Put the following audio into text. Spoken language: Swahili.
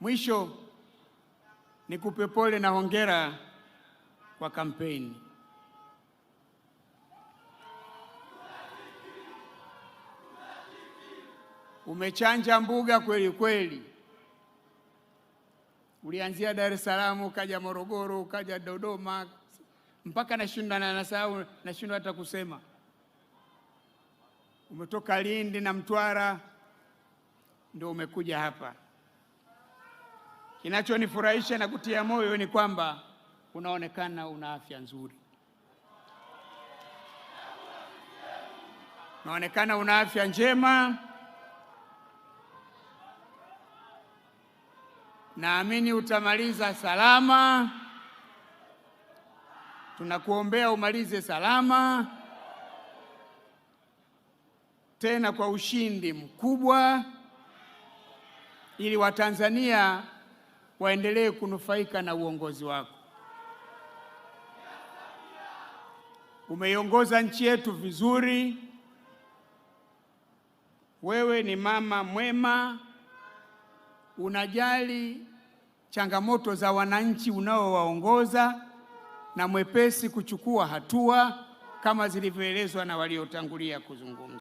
Mwisho nikupe pole na hongera kwa kampeni. Umechanja mbuga kweli kweli. Ulianzia Dar es Salaam, ukaja Morogoro, ukaja Dodoma, mpaka nashindwa na nasahau, nashindwa hata kusema. Umetoka Lindi na Mtwara, ndio umekuja hapa. Kinachonifurahisha na kutia moyo ni kwamba unaonekana una afya nzuri, unaonekana una afya njema. Naamini utamaliza salama, tunakuombea umalize salama, tena kwa ushindi mkubwa, ili Watanzania waendelee kunufaika na uongozi wako. Umeiongoza nchi yetu vizuri. Wewe ni mama mwema, unajali changamoto za wananchi unaowaongoza na mwepesi kuchukua hatua kama zilivyoelezwa na waliotangulia kuzungumza.